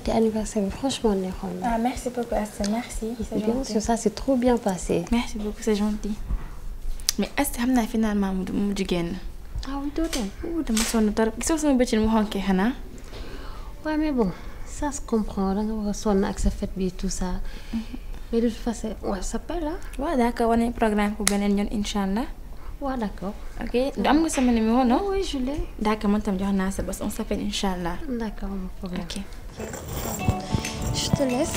fête anniversaire franchement neexoon na. ah merci beaucoup Asta merci. c'est bien sûr ça c'est trop bien passé. merci beaucoup c'est gentil mais Asta xam naa finalement mu mujj génn. ah oui dootoo. wuu dama sonn trop gisoo sama bëccëg mu xonkee xanaa. Ouais, mais bon ça se comprend da nga war a sonn ak sa fête bi tout ça. Mhm. mais de toute façon ça s'appelle hein. d'accord. On a un programme pour Benen yoon incha allah. d'accord. ok am nga sama numéro non. oui je l'ai. d'accord On tam jox naa sa bés on s'appelle incha allah. d'accord mon problème ok. Ştules.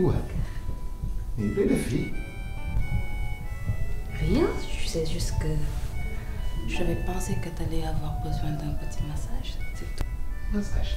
Ué. avoir besoin d'un petit massage, c'est tout. Massage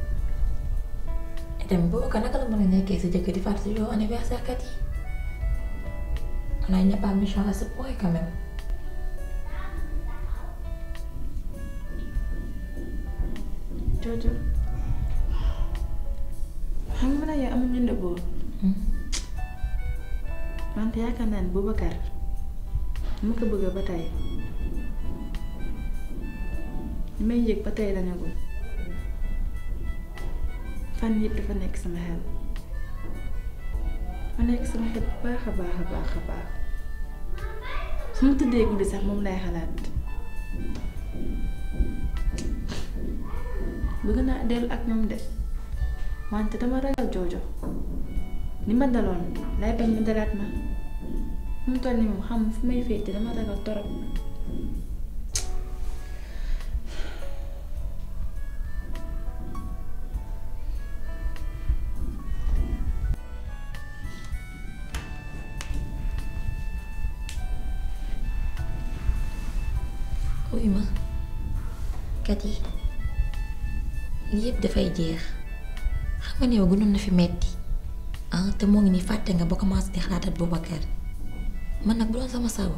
tamit boobu naka la mën a nekkee sa jëkkër di fàttali yow anniversaire kat nga nag yow amuñu ndëboo. wante yaakaar naa ne Boubacar mu ko bëgg ba tey may yëg ba tey la ne fan yëpp dafa nekk sama xel ma nekk sama xel baax a baax a baax su ma tëddee guddi sax moom lay xalaat bëgg naa dellu ak ñoom de wante dama ragal joojo ni ma daloon lay bañ mu dalaat ma mu toll nii moom xam fu may féete dama ragal torop Humain. Cathy, lii yëpp dafay jeex xam nga ne yow gënoon na fi metti ah te mo ngi ni fàtte nga ba commencé di xalaatat Boubacar man nak bu sama sawo,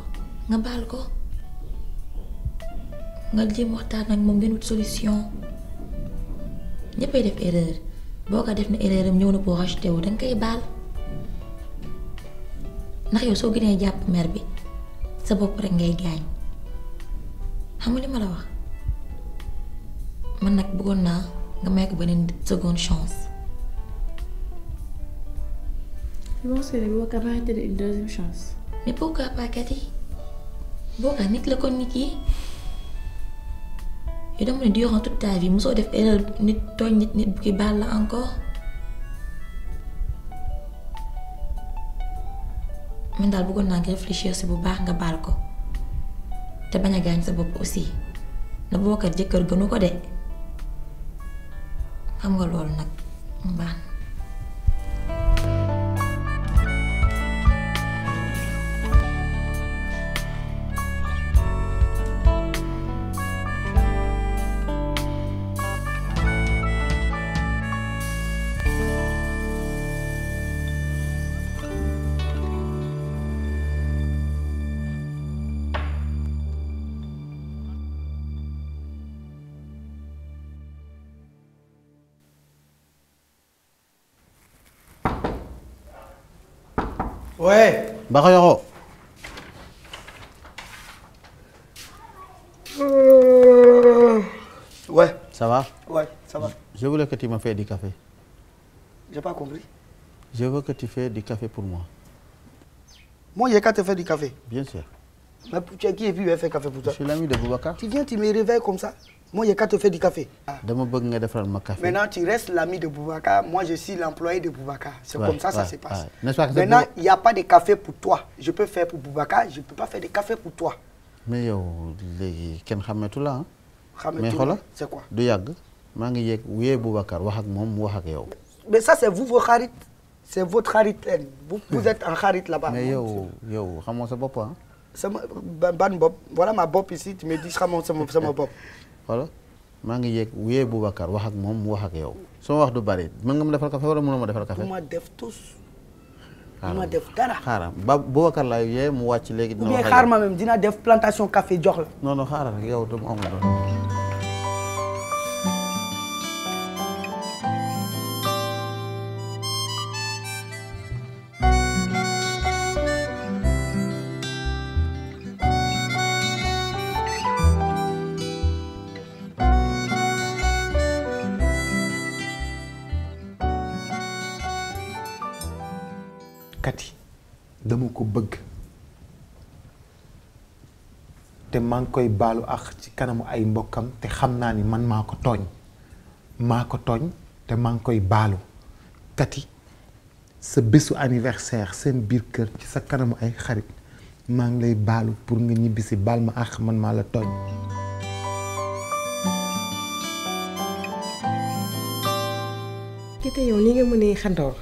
nga bal ko nga jéem waxtaan nak moom ngeen solution ñëppay def erreur boo def na erreur am ñëw na boo racheté wu dang kay bal. Nak yow so gënee japp mer bi sa bop rek ngay gaañ. xam li ma la wax man nag bëggoon naa nga may ko beneen seconde chance. Bouga bi boo ko amaatee une deuxième chance. mais pourquoi nit la ko nit yi yow dama ne durant toute ta vie mosoo def erreur nit bu ki baal la encore man daal bëggoon naa nga réfléchir si bu baax nga baal ko. te bañ a gaañ sa bopp aussi na boo kat jëkkër gënu ko de xam nga loolu nag baax Ouais. bah Ouais. Ça va Ouais, ça va. Je voulais que tu me fasses du café. J'ai pas compris. Je veux que tu fasses du café pour moi. Moi, a qu'à te faire du café. Bien sûr. Mais tu as qui est puis faire café pour toi Je suis l'ami de Boubacar. Tu viens, tu me réveilles comme ça Moi, a qu'à te faire du café. Ah. café Maintenant, tu restes l'ami de Boubacar. Moi, je suis l'employé de Boubacar. C'est comme ça, que ça se passe. Maintenant, il n'y a pas de café pour toi. Je peux faire pour Boubacar, je ne peux pas faire de café pour toi. Mais yo, les ken tout hein? C'est quoi Du yag. Mangi yek Boubacar mom Mais ça c'est vous vos charites C'est votre charite Vous, êtes en charite là-bas. Mais yo, yo, ramon sa hein. sama ban bopp wala ma bopp ici tu me dis sama sama bopp. voilà maa ngi yegg wiyee Boubacar wax ak moom mu wax ak yow. su wax du bari mën nga ma defal café wala mënoo ma defal café. du ma def tus. du ma def dara xaaral ba Boubacar laa yee mu wàcc léegi. dina wax xaar ma même dina def plantation café jox la. non non xaaral yow dama amul doon. dama ko bëgg te maa ngi koy baalu ak ci kanamu ay mbokkam te xam naa ni man maa ko tooñ maa ko tooñ te maa ngi koy baalu kati sa bésu anniversaire seen biir kër ci sa kanamu ay xarit maa ngi lay baalu pour nga ñibbisi baal ma ak man maa la tooñ te yow ni nga mënee xandoor.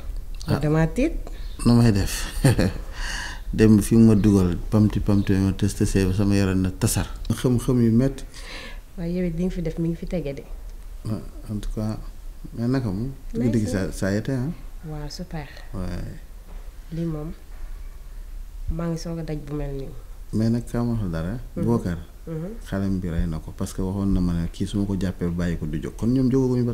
ah damaa tiit. nu may def dem fi ma dugal pamti pamti ma test ba sama yaram na tasar. xam-xam yu metti waaye yow it nga fi def mi ngi fi tege de. Ah, en tout cas mais naka moom. dégg saa saa yete ah. ngi soog a daj bu mel mais nag kaa dara. Mhm. Mhm. bi rey na ko parce que waxoon na ma ne kii su ko jàppee bàyyi ko du jóg kon ñoom jógaguñu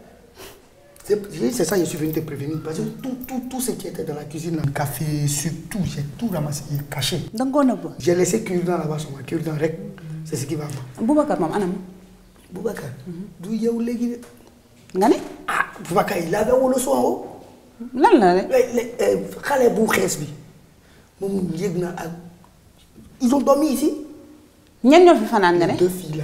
C'est ça, je suis venu te prévenir. Parce que tout, tout, tout ce qui était dans la cuisine, dans le café, surtout, j'ai tout ramassé, caché. Donc quoi a J'ai laissé la là-bas, dans le rec. C'est ce qui va. Boubacar, maman, Anam. Boubacar, mhm. d'où y a où les guides Ah, Boubacar, il avait où le soin oh? haut non la rek. Khale bou bi. Ils ont dormi ici Ñen ñoo fi fanan Deux filles là.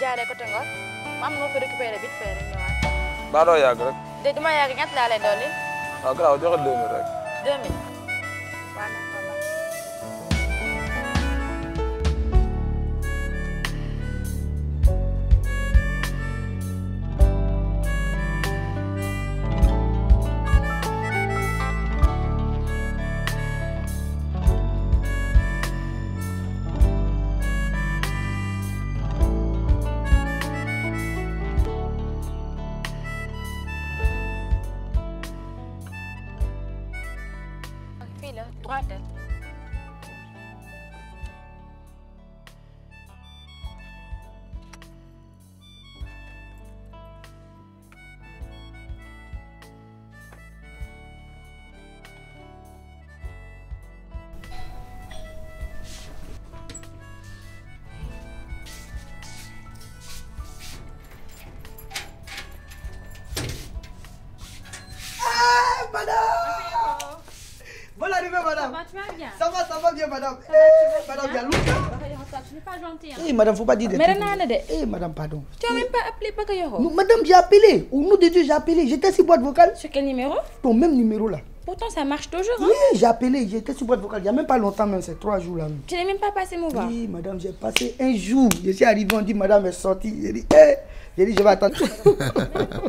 jaaree côté Ngor ma am lu ma fa récupéré vite fait rek rek. de du ma yàgg ñett laa lay dolli. Ah, waaw rek. 2000 madame. Eh, madame, il y a Eh, madame, faut pas dire des trucs. Eh, madame, pardon. Tu n'as même pas appelé Madame, j'ai appelé. Au nom de Dieu, j'ai appelé. J'étais sur boîte vocale. Sur quel numéro Ton même numéro là. Pourtant, ça marche toujours. Hein. Oui, j'ai appelé. J'étais sur boîte vocale. Il n'y a même pas longtemps, même. C'est trois jours là. Tu n'es même pas passé mon voir. Oui, madame, j'ai passé un jour. Je suis arrivé, on dit, madame est sortie. J'ai dit, eh. J'ai dit, je vais attendre.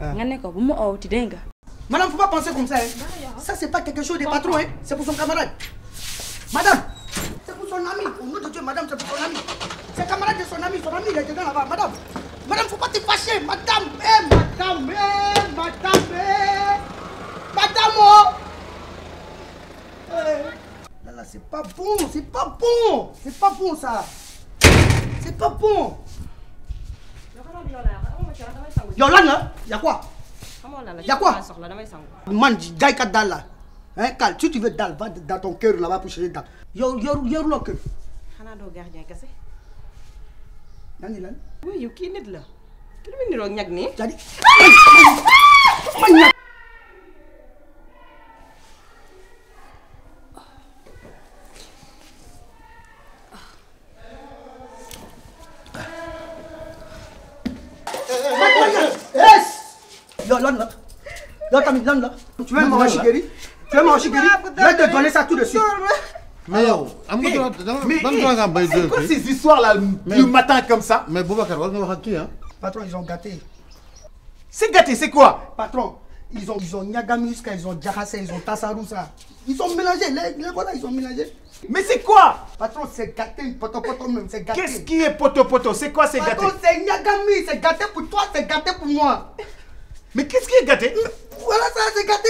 Ah. Nga ne Madame, faut pas penser comme ça. Hein. Ça c'est pas quelque chose des patrons hein. C'est pour son camarade. Madame, c'est pour son ami. Au nom de Dieu, madame, c'est pour son ami. C'est camarade de son ami. Son ami, il est dedans là-bas. Madame, madame, faut pas te fâcher. Madame, eh, madame, eh, madame, eh. Madame, oh. Eh. Là, là, c'est pas bon, c'est pas bon. C'est pas bon ça. C'est pas bon. Yo lan hein? la y a quoi. y a quoi man jaaykat daal hein calme. si tu veux dalle, va dans ton cœur là-bas pour chercher daal. yo, oui nit Tu veux manger Tu veux manger chikiri Je vais te donner ça tout de suite. Mais yo, mais, mais, c'est quoi ces histoires là le matin comme ça Mais Boubacar, on va qui hein Patron, ils ont gâté. C'est gâté, c'est quoi Patron, ils ont, ils ont Nyagamuska, ils ont ils ont ça. Ils ont mélangé, les, les voilà, ils ont mélangé. Mais c'est quoi Patron, c'est gâté, potopoto même, c'est gâté. Qu'est-ce qui est potopoto C'est quoi c'est gâté Patron, c'est Nyagami, c'est gâté pour toi, c'est gâté pour moi. Mais qu'est-ce qui est gâté Voilà ça, c'est gâté